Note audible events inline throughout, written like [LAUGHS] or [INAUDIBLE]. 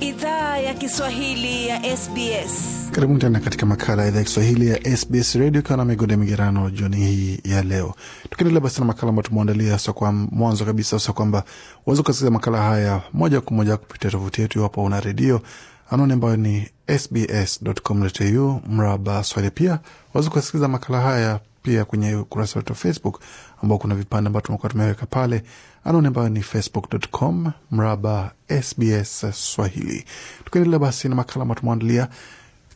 idhaa ya Kiswahili ya SBS. Karibu tena katika makala ya idhaa ya Kiswahili ya SBS radio ikiwa na migode migerano jioni hii ya leo, tukiendelea basi na makala ambayo tumeandalia sa kwa mwanzo kabisa sa kwamba uweze kusikiliza makala haya moja kwa moja kupitia tovuti yetu iwapo una redio anwani ambayo ni sbs.com.au mraba swahili. Pia waweza kuwasikiliza makala haya pia kwenye ukurasa wetu wa Facebook ambao kuna vipande ambao tumekuwa tumeweka pale, anaone ambayo ni facebook.com mraba SBS Swahili. Tukiendelea basi na makala ambayo tumeandalia,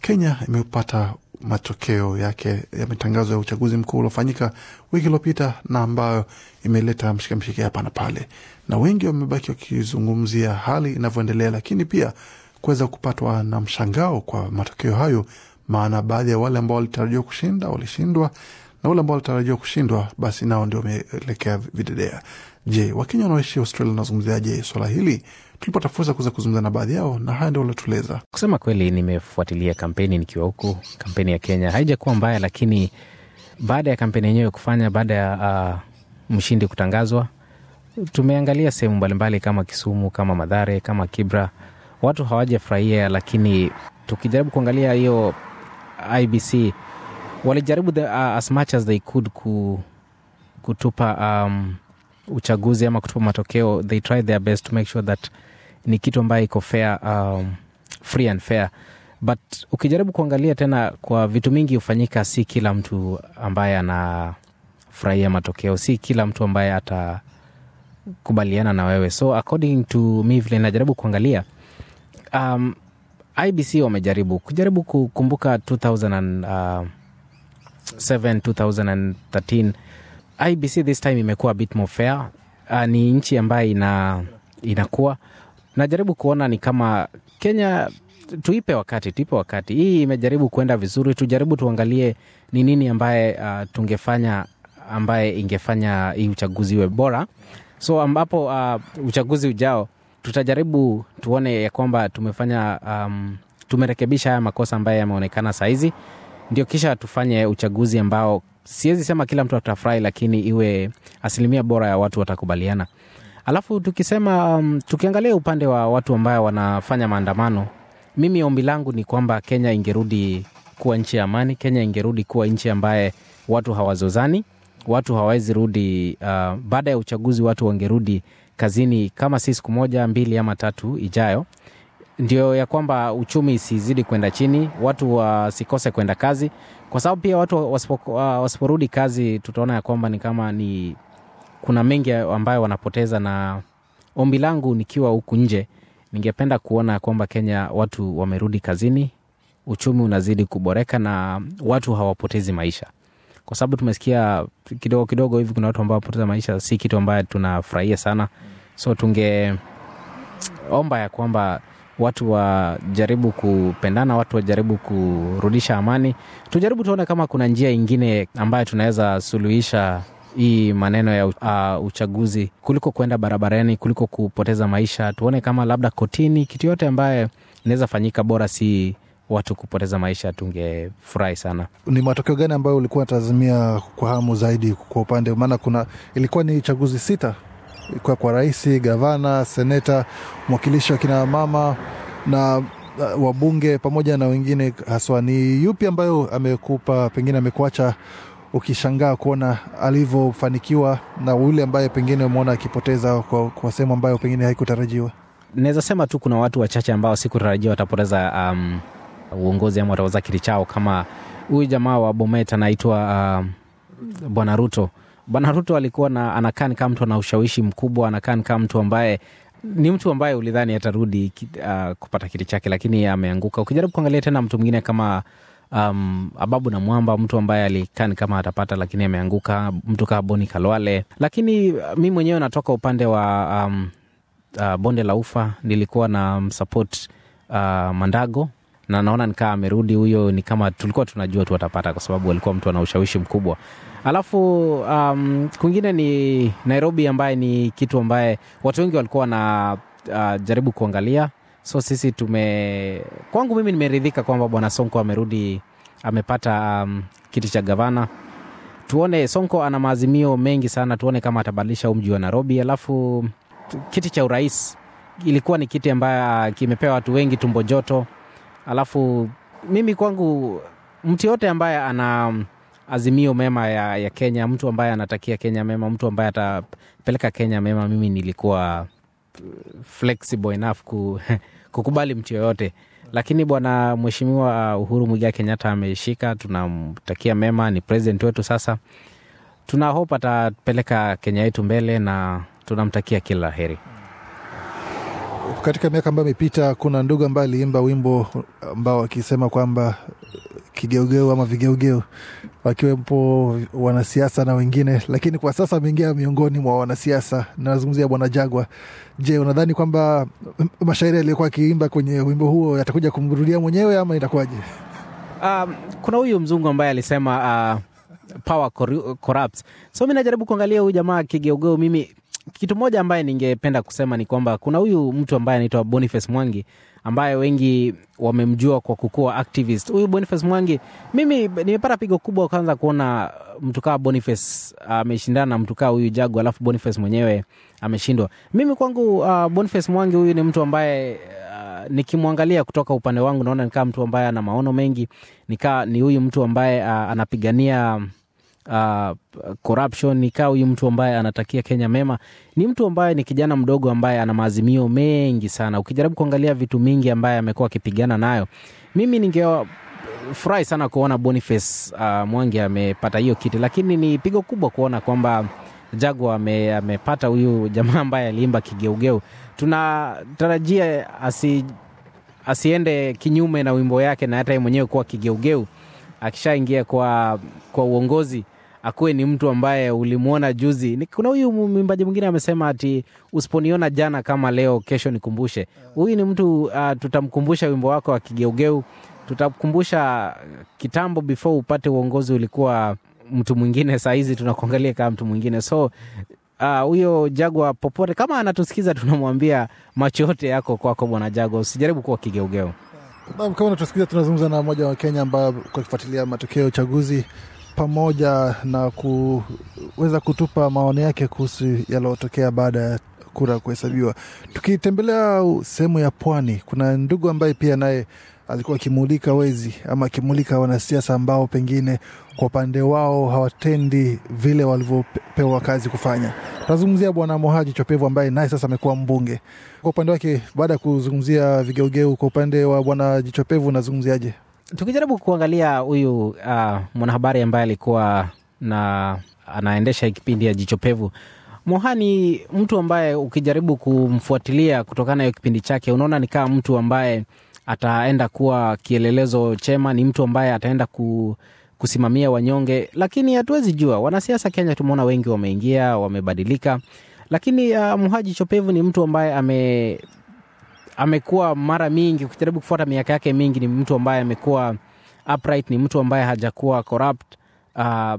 Kenya imepata matokeo yake ya matangazo ya uchaguzi mkuu uliofanyika wiki iliyopita na ambayo imeleta mshikamshike hapa na pale, na wengi wamebaki wakizungumzia hali inavyoendelea, lakini pia kuweza kupatwa na mshangao kwa matokeo hayo, maana baadhi ya wale ambao walitarajiwa kushinda walishindwa na wale ambao walitarajiwa kushindwa basi nao ndio wameelekea videdea. Je, Wakenya wanaoishi Australia wanazungumziaje swala hili? Tulipata fursa kuweza kuzungumza na baadhi yao na haya ndio waliotueleza. Kusema kweli, nimefuatilia kampeni nikiwa huku. Kampeni ya Kenya haijakuwa mbaya, lakini baada ya kampeni yenyewe kufanya, baada ya uh, mshindi kutangazwa, tumeangalia sehemu mbalimbali kama Kisumu, kama Madhare, kama Kibra, watu hawajafurahia. Lakini tukijaribu kuangalia hiyo IBC walijaribu the, uh, as much as they could ku, kutupa um, uchaguzi ama kutupa matokeo they tried their best to make sure that ni kitu ambayo iko fair um, free and fair but ukijaribu kuangalia tena kwa vitu mingi hufanyika si kila mtu ambaye anafurahia matokeo si kila mtu ambaye atakubaliana na wewe so according to me vile najaribu kuangalia um, ibc wamejaribu kujaribu kukumbuka 2000 and, uh, 7 2013 IBC this time imekuwa a bit more fair. Uh, ni nchi ambayo ina, inakuwa najaribu kuona ni kama Kenya tuipe wakati, tuipe wakati. Hii imejaribu kuenda vizuri, tujaribu tuangalie ni nini ambaye uh, tungefanya ambaye ingefanya hii uchaguzi iwe bora. So ambapo uh, uchaguzi ujao tutajaribu tuone ya kwamba tumefanya um, tumerekebisha haya makosa ambayo yameonekana sahizi ndio kisha tufanye uchaguzi ambao siwezi sema kila mtu atafurahi, lakini iwe asilimia bora ya watu watakubaliana. Alafu tukisema um, tukiangalia upande wa watu ambayo wanafanya maandamano, mimi ombi langu ni kwamba Kenya ingerudi kuwa nchi ya amani. Kenya ingerudi kuwa nchi ambaye watu hawazozani, watu hawawezi rudi uh, baada ya uchaguzi, watu wangerudi kazini kama si siku moja mbili ama tatu ijayo, ndio ya kwamba uchumi isizidi kwenda chini, watu wasikose kwenda kazi, kwa sababu pia watu wasiporudi kazi, tutaona ya kwamba ni kama ni kuna mengi ambayo wanapoteza. Na ombi langu nikiwa huku nje, ningependa kuona kwamba Kenya watu wamerudi kazini, uchumi unazidi kuboreka na watu hawapotezi maisha, kwa sababu tumesikia kidogo kidogo hivi kuna watu ambao wapoteza maisha, si kitu ambayo tunafurahia sana. So tungeomba ya kwamba watu wajaribu kupendana, watu wajaribu kurudisha amani. Tujaribu tuone kama kuna njia ingine ambayo tunaweza suluhisha hii maneno ya uh, uchaguzi kuliko kuenda barabarani, kuliko kupoteza maisha. Tuone kama labda kotini, kitu yote ambayo inaweza fanyika, bora si watu kupoteza maisha, tungefurahi sana. Ni matokeo gani ambayo ulikuwa natazamia kwa hamu zaidi kwa upande? Maana kuna ilikuwa ni chaguzi sita kwa, kwa rais, gavana, seneta, mwakilishi wa kina mama na uh, wabunge pamoja na wengine haswa. Ni yupi ambayo amekupa pengine amekuacha ukishangaa kuona alivyofanikiwa na yule ambaye pengine umeona akipoteza kwa, kwa sehemu ambayo pengine haikutarajiwa? Naweza sema tu kuna watu wachache ambao sikutarajia watapoteza um, uongozi ama wataweza kiti chao, kama huyu jamaa wa Bomet anaitwa um, Bwana Ruto. Bwana Ruto alikuwa na anakaa ni kama mtu ana ushawishi mkubwa, anakaa ni kama mtu ambaye ni mtu ambaye ulidhani atarudi uh, kupata kiti chake, lakini ameanguka. Ukijaribu kuangalia tena mtu mwingine kama um, Ababu na Mwamba, mtu ambaye alikani kama atapata lakini ameanguka, mtu kaa Boni Kalwale. Lakini uh, mi mwenyewe natoka upande wa um, uh, bonde la Ufa, nilikuwa na msapot um, uh, Mandago na naona nikaa amerudi huyo, ni kama tulikuwa tunajua tu atapata kwa sababu alikuwa mtu ana ushawishi mkubwa. Alafu um, kwingine ni Nairobi, ambaye ni kitu ambaye watu wengi walikuwa wanajaribu uh, jaribu kuangalia. So sisi tume, kwangu mimi nimeridhika kwamba bwana Sonko amerudi, amepata um, kiti cha gavana. Tuone Sonko ana maazimio mengi sana, tuone kama atabadilisha huu mji wa Nairobi. Alafu kiti cha urais ilikuwa ni kiti ambayo kimepewa watu wengi tumbo joto Alafu mimi kwangu mtu yote ambaye ana mm, azimio mema ya, ya Kenya, mtu ambaye anatakia Kenya mema, mtu ambaye atapeleka Kenya mema, mimi nilikuwa mm, flexible enough ku, [LAUGHS] kukubali mtu yoyote lakini bwana mweshimiwa uh, Uhuru Mwigai Kenyatta ameshika, tunamtakia mema, ni president wetu sasa. Tuna hope atapeleka Kenya yetu mbele na tunamtakia kila heri katika miaka ambayo imepita, kuna ndugu ambaye aliimba wimbo ambao wakisema kwamba kigeugeu ama vigeugeu, wakiwepo wanasiasa na wengine, lakini kwa sasa ameingia miongoni mwa wanasiasa. Nazungumzia Bwana Jagwa. Je, unadhani kwamba mashairi aliyokuwa akiimba kwenye wimbo huo yatakuja kumrudia mwenyewe ama itakuwaje? Um, kuna huyu mzungu ambaye alisema uh, power corrupts. So mi najaribu kuangalia huyu jamaa kigeugeu, mimi kitu moja ambaye ningependa kusema ni kwamba kuna huyu mtu ambaye anaitwa Boniface Mwangi ambaye wengi wamemjua kwa kukuwa activist. Huyu Boniface Mwangi, mimi nimepata pigo kubwa kwanza kuona mtu kaa Boniface ah, ameshindana uh, na mtu kaa huyu Jagu, alafu Boniface mwenyewe ameshindwa. Mimi kwangu uh, Boniface Mwangi huyu ni mtu ambaye ah, nikimwangalia kutoka upande wangu naona nikaa mtu ambaye ana maono mengi, nikaa ni huyu mtu ambaye uh, anapigania uh, corruption, nikaa huyu mtu ambaye anatakia Kenya mema ni mtu ambaye ni kijana mdogo ambaye ana maazimio mengi sana. Ukijaribu kuangalia vitu mingi ambaye amekuwa akipigana nayo, mimi ningefurahi sana kuona Boniface uh, Mwangi amepata hiyo kiti, lakini ni pigo kubwa kuona kwamba Jagwa amepata huyu jamaa ambaye aliimba kigeugeu. Tunatarajia asi, asiende kinyume na wimbo yake na hata mwenyewe kuwa kigeugeu akishaingia kwa, kwa uongozi akuwe ni mtu ambaye ulimwona juzi. Kuna huyu mwimbaji mwingine amesema ati usiponiona jana kama leo, kesho nikumbushe. Huyu ni mtu uh, tutamkumbusha wimbo wako wa Kigeugeu, tutakumbusha kitambo before upate uongozi ulikuwa mtu mwingine, sahizi tunakuangalia kama mtu mwingine. So ah, huyo uh, Jagwa popote kama anatusikiza, tunamwambia macho yote yako kwako, Bwana Jagwa, usijaribu kuwa kigeugeu. Kama natusikiza tunazungumza na mmoja wa Kenya ambayo kwa kifuatilia matokeo ya uchaguzi pamoja na kuweza kutupa maoni yake kuhusu yaliyotokea baada ya kura kuhesabiwa. Tukitembelea sehemu ya pwani, kuna ndugu ambaye pia naye alikuwa akimulika wezi ama akimulika wanasiasa ambao pengine kwa upande wao hawatendi vile walivyopewa kazi kufanya. Tunazungumzia Bwana Mohaji Chopevu ambaye naye sasa amekuwa mbunge. Kwa upande wake, baada ya kuzungumzia vigeugeu, kwa upande wa Bwana Jichopevu unazungumziaje? tukijaribu kuangalia huyu uh, mwanahabari ambaye alikuwa na anaendesha kipindi ya Jicho Pevu, Mohani, mtu ambaye ukijaribu kumfuatilia kutokana na hiyo kipindi chake, unaona ni kama mtu ambaye ataenda kuwa kielelezo chema, ni mtu ambaye ataenda ku, kusimamia wanyonge, lakini hatuwezi jua. Wanasiasa Kenya tumeona wengi wameingia, wamebadilika, lakini uh, Muhaji Chopevu ni mtu ambaye ame amekuwa mara mingi, ukijaribu kufuata miaka yake mingi, ni mtu ambaye amekuwa upright, ni mtu ambaye hajakuwa corrupt. Uh,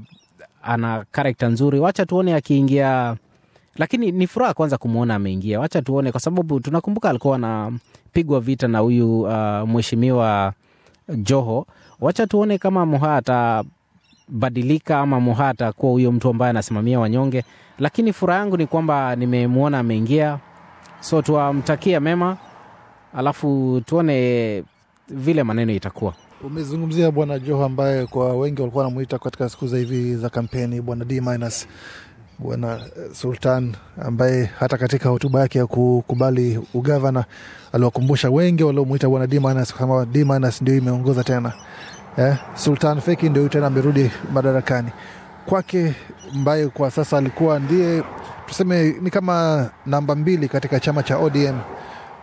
ana karakta nzuri, wacha tuone akiingia lakini ni furaha kwanza kumwona ameingia. Wacha tuone, kwa sababu tunakumbuka alikuwa anapigwa vita na huyu uh, mheshimiwa Joho. Wacha tuone kama Moha atabadilika ama Moha atakuwa huyo mtu ambaye anasimamia wanyonge, lakini furaha yangu ni kwamba nimemwona ameingia, so tuwamtakia mema alafu tuone vile maneno itakuwa. Umezungumzia Bwana Joho ambaye kwa wengi walikuwa wanamuita katika siku za hivi za kampeni, Bwana D minus Bwana eh, Sultan ambaye hata katika hotuba yake ya kukubali ugavana aliwakumbusha wengi waliomwita Bwana D minus kama D minus ndio imeongoza tena eh? Sultan Feki ndio tena amerudi madarakani kwake, ambaye kwa sasa alikuwa ndiye tuseme ni kama namba mbili katika chama cha ODM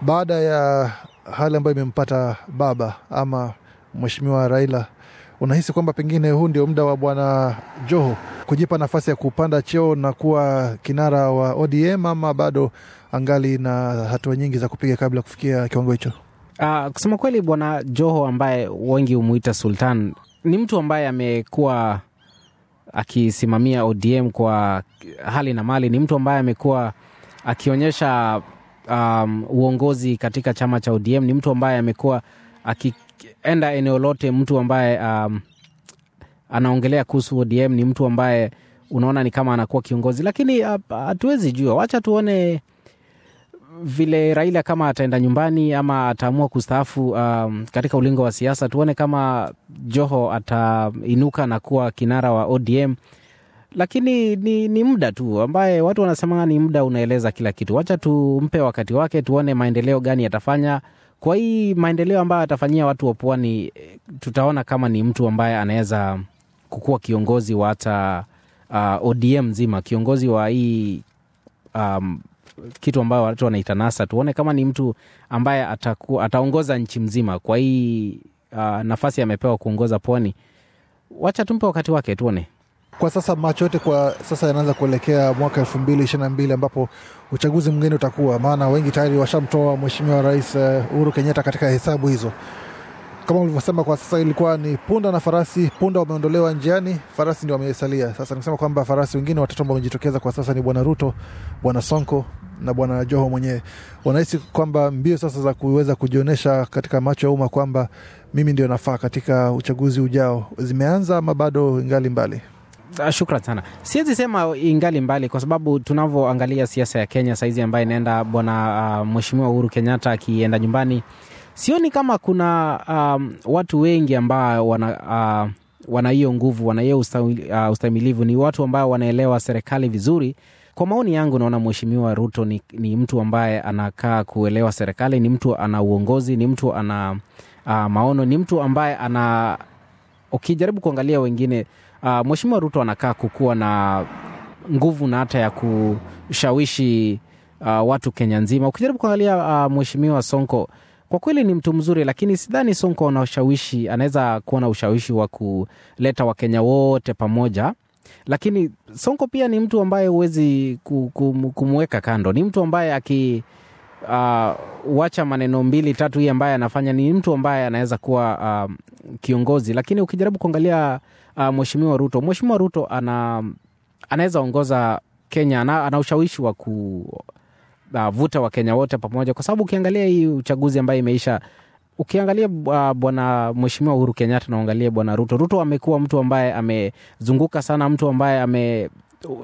baada ya hali ambayo imempata baba ama Mheshimiwa Raila, unahisi kwamba pengine huu ndio muda wa Bwana Joho kujipa nafasi ya kupanda cheo na kuwa kinara wa ODM ama bado angali na hatua nyingi za kupiga kabla ya kufikia kiwango hicho? Uh, kusema kweli, Bwana Joho ambaye wengi humuita Sultan ni mtu ambaye amekuwa akisimamia ODM kwa hali na mali. Ni mtu ambaye amekuwa akionyesha um, uongozi katika chama cha ODM, ni mtu ambaye amekuwa akienda eneo lote, mtu ambaye um, anaongelea kuhusu ODM, ni mtu ambaye unaona ni kama anakuwa kiongozi, lakini uh, hatuwezi jua. Wacha tuone vile Raila kama ataenda nyumbani ama ataamua kustaafu um, katika ulingo wa siasa, tuone kama Joho atainuka na kuwa kinara wa ODM lakini ni, ni muda tu ambaye watu wanasema ni muda unaeleza kila kitu. Wacha tumpe wakati wake, tuone maendeleo gani yatafanya kwa hii maendeleo ambayo atafanyia watu wa pwani. Eh, tutaona kama ni mtu ambaye anaweza kukuwa kiongozi wa hata uh, ah, ODM nzima, kiongozi wa hii um, kitu ambayo watu wanaita NASA. Tuone kama ni mtu ambaye ataku, ataongoza nchi mzima kwa hii uh, nafasi amepewa kuongoza pwani. Wacha tumpe wakati wake tuone. Kwa sasa macho yote kwa sasa yanaanza kuelekea mwaka elfu mbili ishirini na mbili ambapo uchaguzi mwingine utakuwa, maana wengi tayari washamtoa Mheshimiwa Rais eh, Uhuru Kenyatta katika hesabu hizo. Kama ulivyosema, kwa sasa ilikuwa ni punda na farasi. Punda wameondolewa njiani, farasi ndio wamesalia. Sasa nikusema kwamba farasi wengine watatu ambao wamejitokeza kwa sasa ni Bwana Ruto, Bwana Sonko na Bwana Joho mwenyewe. Wanahisi kwamba mbio sasa za kuweza kujionyesha katika macho ya umma kwamba mimi ndio nafaa katika uchaguzi ujao zimeanza ama bado ngali mbali? Ah, shukran sana. Siwezi sema ingali mbali, kwa sababu tunavyoangalia siasa ya Kenya saizi ambayo inaenda, bwana uh, mheshimiwa Uhuru Kenyatta akienda nyumbani, sioni kama kuna um, watu wengi ambao wana uh, wana hiyo nguvu, wana hiyo ustahimilivu. Ni watu ambao wanaelewa serikali vizuri. Kwa maoni yangu, naona mheshimiwa Ruto ni, ni mtu ambaye anakaa kuelewa serikali, ni mtu ana uongozi, ni mtu ana uh, maono, ni mtu ambaye ana ukijaribu kuangalia wengine uh, ah, mweshimiwa Ruto anakaa kukuwa na nguvu na hata ya kushawishi uh, watu Kenya nzima. Ukijaribu kuangalia uh, ah, mweshimiwa Sonko kwa kweli ni mtu mzuri, lakini sidhani Sonko ana ushawishi, anaweza kuwa na ushawishi wa kuleta Wakenya wote pamoja. Lakini Sonko pia ni mtu ambaye huwezi kumweka kando, ni mtu ambaye aki uh, wacha maneno mbili tatu hii ambaye anafanya ni mtu ambaye anaweza kuwa uh, kiongozi, lakini ukijaribu kuangalia uh, mweshimiwa Ruto, mweshimiwa Ruto ana anaweza ongoza Kenya, ana, ana ushawishi wa kuvuta uh, Wakenya wote pamoja, kwa sababu ukiangalia hii uchaguzi ambayo imeisha ukiangalia uh, bwana mweshimiwa Uhuru Kenyatta naangalia bwana Ruto. Ruto amekuwa mtu ambaye amezunguka sana, mtu ambaye ame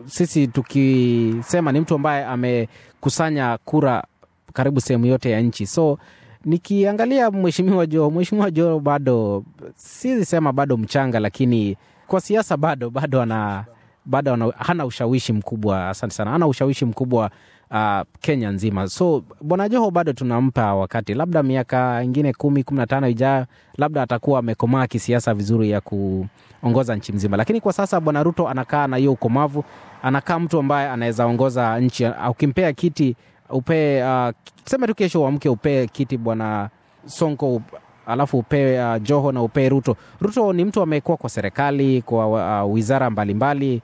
sisi tukisema ni mtu ambaye amekusanya kura karibu sehemu yote ya nchi so nikiangalia mweshimiwa jo mweshimiwa jo bado sisema bado mchanga, lakini kwa siasa bado bado ana bado ana, hana ushawishi mkubwa. Asante sana, hana ushawishi mkubwa uh, Kenya nzima. So bwana Joho bado tunampa wakati, labda miaka ingine kumi kumi na tano ijayo, labda atakuwa amekomaa kisiasa vizuri ya kuongoza nchi mzima, lakini kwa sasa bwana Ruto anakaa na hiyo ukomavu, anakaa mtu ambaye anaweza ongoza nchi. Ukimpea kiti upee uh, tuseme tu kesho uamke upee kiti bwana Sonko alafu upee uh, Joho na upee Ruto. Ruto ni mtu amekuwa kwa serikali kwa uh, wizara mbalimbali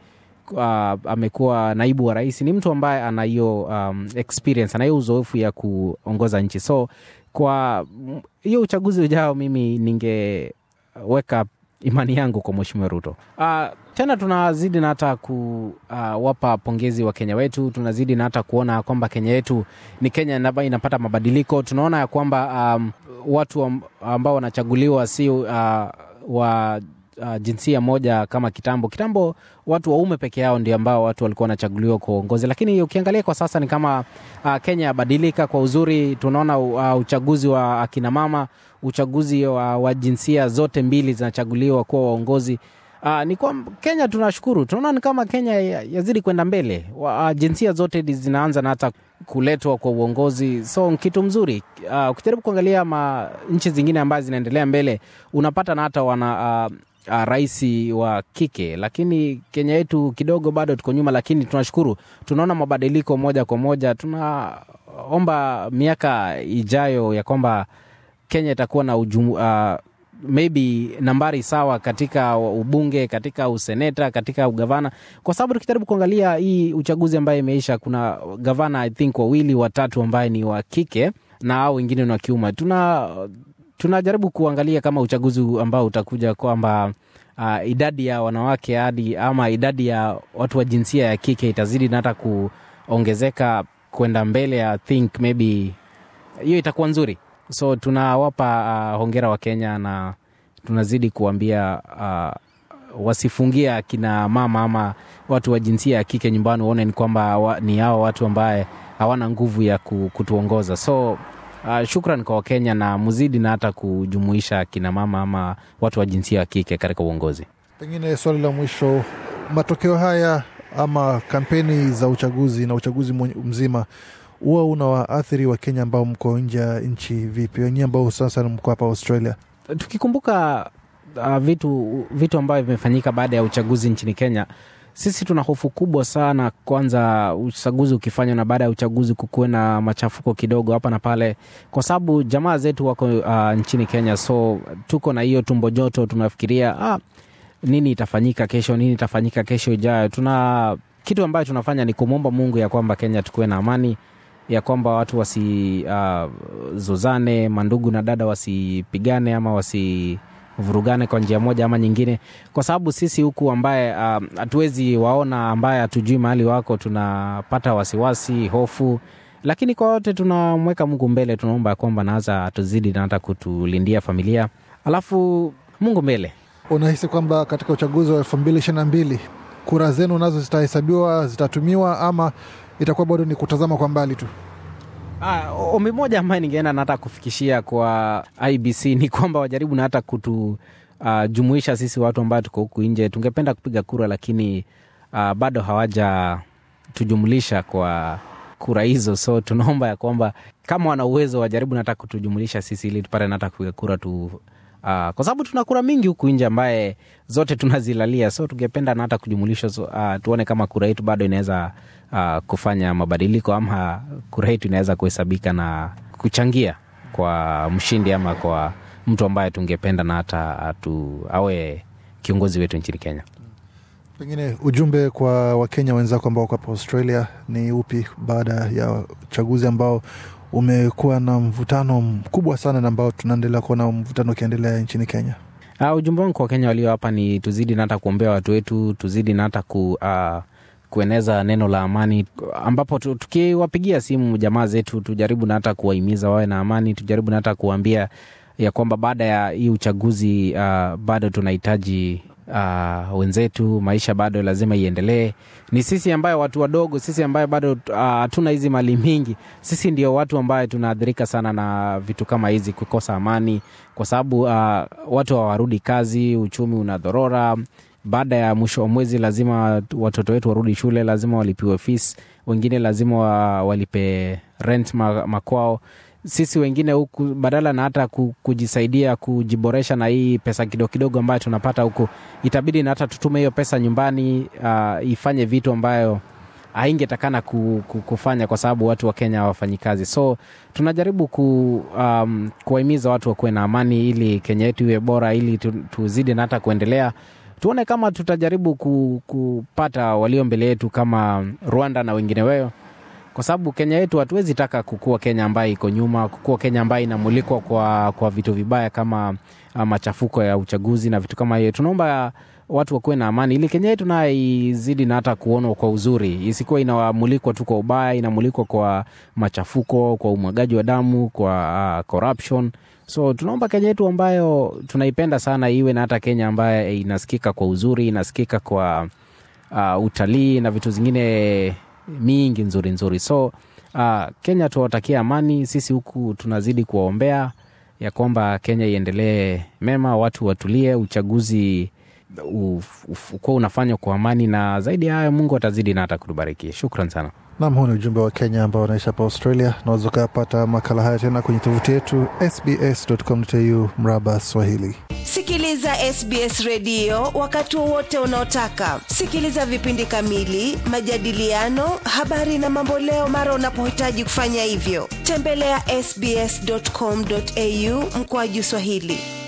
uh, amekuwa naibu wa rais, ni mtu ambaye ana hiyo um, experience, ana hiyo uzoefu ya kuongoza nchi. So kwa mm, hiyo uchaguzi ujao, mimi ningeweka imani yangu kwa mweshimiwa Ruto. Uh, tena tunazidi na hata kuwapa ah, uh, pongezi wa Kenya wetu, tunazidi na hata kuona kwamba Kenya yetu ni Kenya ambayo inapata mabadiliko. Tunaona ya kwamba um, watu ambao wanachaguliwa si uh, wa uh, jinsia moja kama kitambo. Kitambo watu waume peke yao ndio ambao watu walikuwa wanachaguliwa kwa uongozi, lakini ukiangalia kwa sasa ni kama uh, Kenya yabadilika kwa uzuri. Tunaona uh, uchaguzi wa akinamama, uchaguzi wa, wa jinsia zote mbili zinachaguliwa kuwa waongozi. Uh, ni kwa Kenya tunashukuru, tunaona ni kama Kenya yazidi ya kwenda mbele. Uh, jinsia zote zinaanza na hata kuletwa kwa uongozi, so kitu mzuri. Uh, ukijaribu uh, kuangalia nchi zingine ambazo zinaendelea mbele, unapata na hata wana uh, uh, rais wa kike, lakini Kenya yetu kidogo bado tuko nyuma, lakini tunashukuru tunaona mabadiliko moja kwa moja. Tunaomba miaka ijayo ya kwamba Kenya itakuwa na ujumu, uh, maybe nambari sawa katika ubunge, katika useneta, katika ugavana, kwa sababu tukijaribu kuangalia hii uchaguzi ambaye imeisha, kuna gavana I think wawili watatu ambaye ni wa kike na au wengine ni wa kiume. Tuna tunajaribu kuangalia kama uchaguzi ambao utakuja kwamba uh, idadi ya wanawake hadi ama idadi ya watu wa jinsia ya kike itazidi na hata kuongezeka kwenda mbele. ya think maybe hiyo itakuwa nzuri, so tunawapa uh, hongera wa Kenya na tunazidi kuambia uh, wasifungia kina mama ama watu wa jinsia ya kike nyumbani, waone ni kwamba ni hao watu ambaye hawana nguvu ya kutuongoza so Uh, shukran kwa Wakenya na muzidi na hata kujumuisha kinamama ama watu wa jinsia ya kike katika uongozi. Pengine swali la mwisho, matokeo haya ama kampeni za uchaguzi na uchaguzi mzima huwa unawaathiri kenya ambao mko nje ya nchi vipi, wenyewe ambao sasa mko hapa Australia? Tukikumbuka uh, vitu, vitu ambavyo vimefanyika baada ya uchaguzi nchini Kenya sisi tuna hofu kubwa sana, kwanza uchaguzi ukifanywa na baada ya uchaguzi kukuwe na machafuko kidogo hapa na pale, kwa sababu jamaa zetu wako uh, nchini Kenya, so tuko na hiyo tumbo joto, tunafikiria ah, nini itafanyika kesho, nini itafanyika kesho ijayo. Tuna kitu ambayo tunafanya ni kumwomba Mungu ya kwamba Kenya tukuwe na amani, ya kwamba watu wasizozane, uh, mandugu na dada wasipigane ama wasi vurugane kwa njia moja ama nyingine, kwa sababu sisi huku ambaye um, hatuwezi uh, waona ambaye hatujui mahali wako, tunapata wasiwasi, hofu lakini kwa wote tunamweka Mungu mbele, tunaomba ya kwamba naaza atuzidi na hata kutulindia familia, alafu Mungu mbele. Unahisi kwamba katika uchaguzi wa elfu mbili ishirini na mbili kura zenu nazo zitahesabiwa, zitatumiwa, ama itakuwa bado ni kutazama kwa mbali tu? Ah, ombi moja ambaye ningeenda na hata kufikishia kwa IBC [LAUGHS] ni kwamba wajaribu na hata kutujumuisha ah, uh, sisi watu ambao tuko huku nje. Tungependa kupiga kura, lakini uh, bado hawajatujumulisha kwa kura hizo, so tunaomba ya kwamba kama wana uwezo wajaribu nata kutujumulisha sisi ili tupate nata kupiga kura tu Uh, kwa sababu tuna kura mingi huku nje ambaye zote tunazilalia, so tungependa na hata kujumulishwa, so, uh, tuone kama kura yetu bado inaweza uh, kufanya mabadiliko ama kura yetu inaweza kuhesabika na kuchangia kwa mshindi ama kwa mtu ambaye tungependa na hata atu, awe kiongozi wetu nchini Kenya. Pengine ujumbe kwa Wakenya wenzako ambao wako hapa Australia ni upi baada ya uchaguzi ambao umekuwa na mvutano mkubwa sana na ambao tunaendelea kuona mvutano ukiendelea nchini Kenya? Uh, ujumbe wangu kwa Wakenya walio hapa ni tuzidi na hata kuombea watu wetu, tuzidi na hata ku uh, kueneza neno la amani, ambapo tukiwapigia simu jamaa zetu, tujaribu na hata kuwahimiza wawe na amani, tujaribu na hata kuwambia ya kwamba baada ya hii uchaguzi uh, bado tunahitaji uh, wenzetu, maisha bado lazima iendelee. Ni sisi ambayo watu wadogo, sisi ambayo bado ah, hatuna uh, hizi mali mingi, sisi ndio watu ambayo tunaathirika sana na vitu kama hizi, kukosa amani, kwa sababu uh, watu hawarudi kazi, uchumi unadhorora baada ya mwisho wa mwezi lazima watoto wetu warudi shule, lazima walipiwe fis wengine lazima wa, walipe rent makwao. Sisi wengine huku badala na hata kujisaidia kujiboresha na hii pesa kidogo kidogo ambayo tunapata huku, itabidi na hata tutume hiyo pesa nyumbani, uh, ifanye vitu ambayo aingetakana kufanya kwa sababu watu wa Kenya hawafanyi kazi. So tunajaribu ku, um, kuwahimiza watu wakuwe na amani ili Kenya yetu iwe bora, ili tuzidi na hata kuendelea tuone kama tutajaribu kupata walio mbele yetu kama Rwanda na wengine weyo kwa sababu Kenya yetu hatuwezi taka kukua Kenya ambayo iko nyuma, kukua Kenya ambayo inamulikwa kwa, kwa vitu vibaya kama ah, machafuko ya uchaguzi na vitu kama hiyo. Tunaomba watu wakuwe na amani ili Kenya yetu nayo izidi na hata kuonwa kwa uzuri, isikuwa inamulikwa tu kwa ubaya, inamulikwa kwa machafuko, kwa umwagaji wa damu, kwa uh, corruption So tunaomba Kenya yetu ambayo tunaipenda sana iwe na hata Kenya ambaye inasikika kwa uzuri, inasikika kwa uh, utalii na vitu zingine mingi nzuri nzuri. So uh, Kenya tuwatakia amani. Sisi huku tunazidi kuwaombea ya kwamba Kenya iendelee mema, watu watulie, uchaguzi ukuwa unafanywa kwa amani, na zaidi ya hayo Mungu atazidi na hata kutubarikia Shukran sana. Nam, huu ni ujumbe wa Kenya ambao wanaishi hapa Australia. Unaweza ukayapata makala haya tena kwenye tovuti yetu sbs.com.au mraba Swahili. Sikiliza SBS redio wakati wowote unaotaka. Sikiliza vipindi kamili, majadiliano, habari na mamboleo mara unapohitaji kufanya hivyo. Tembelea ya sbs.com.au mkoaju Swahili.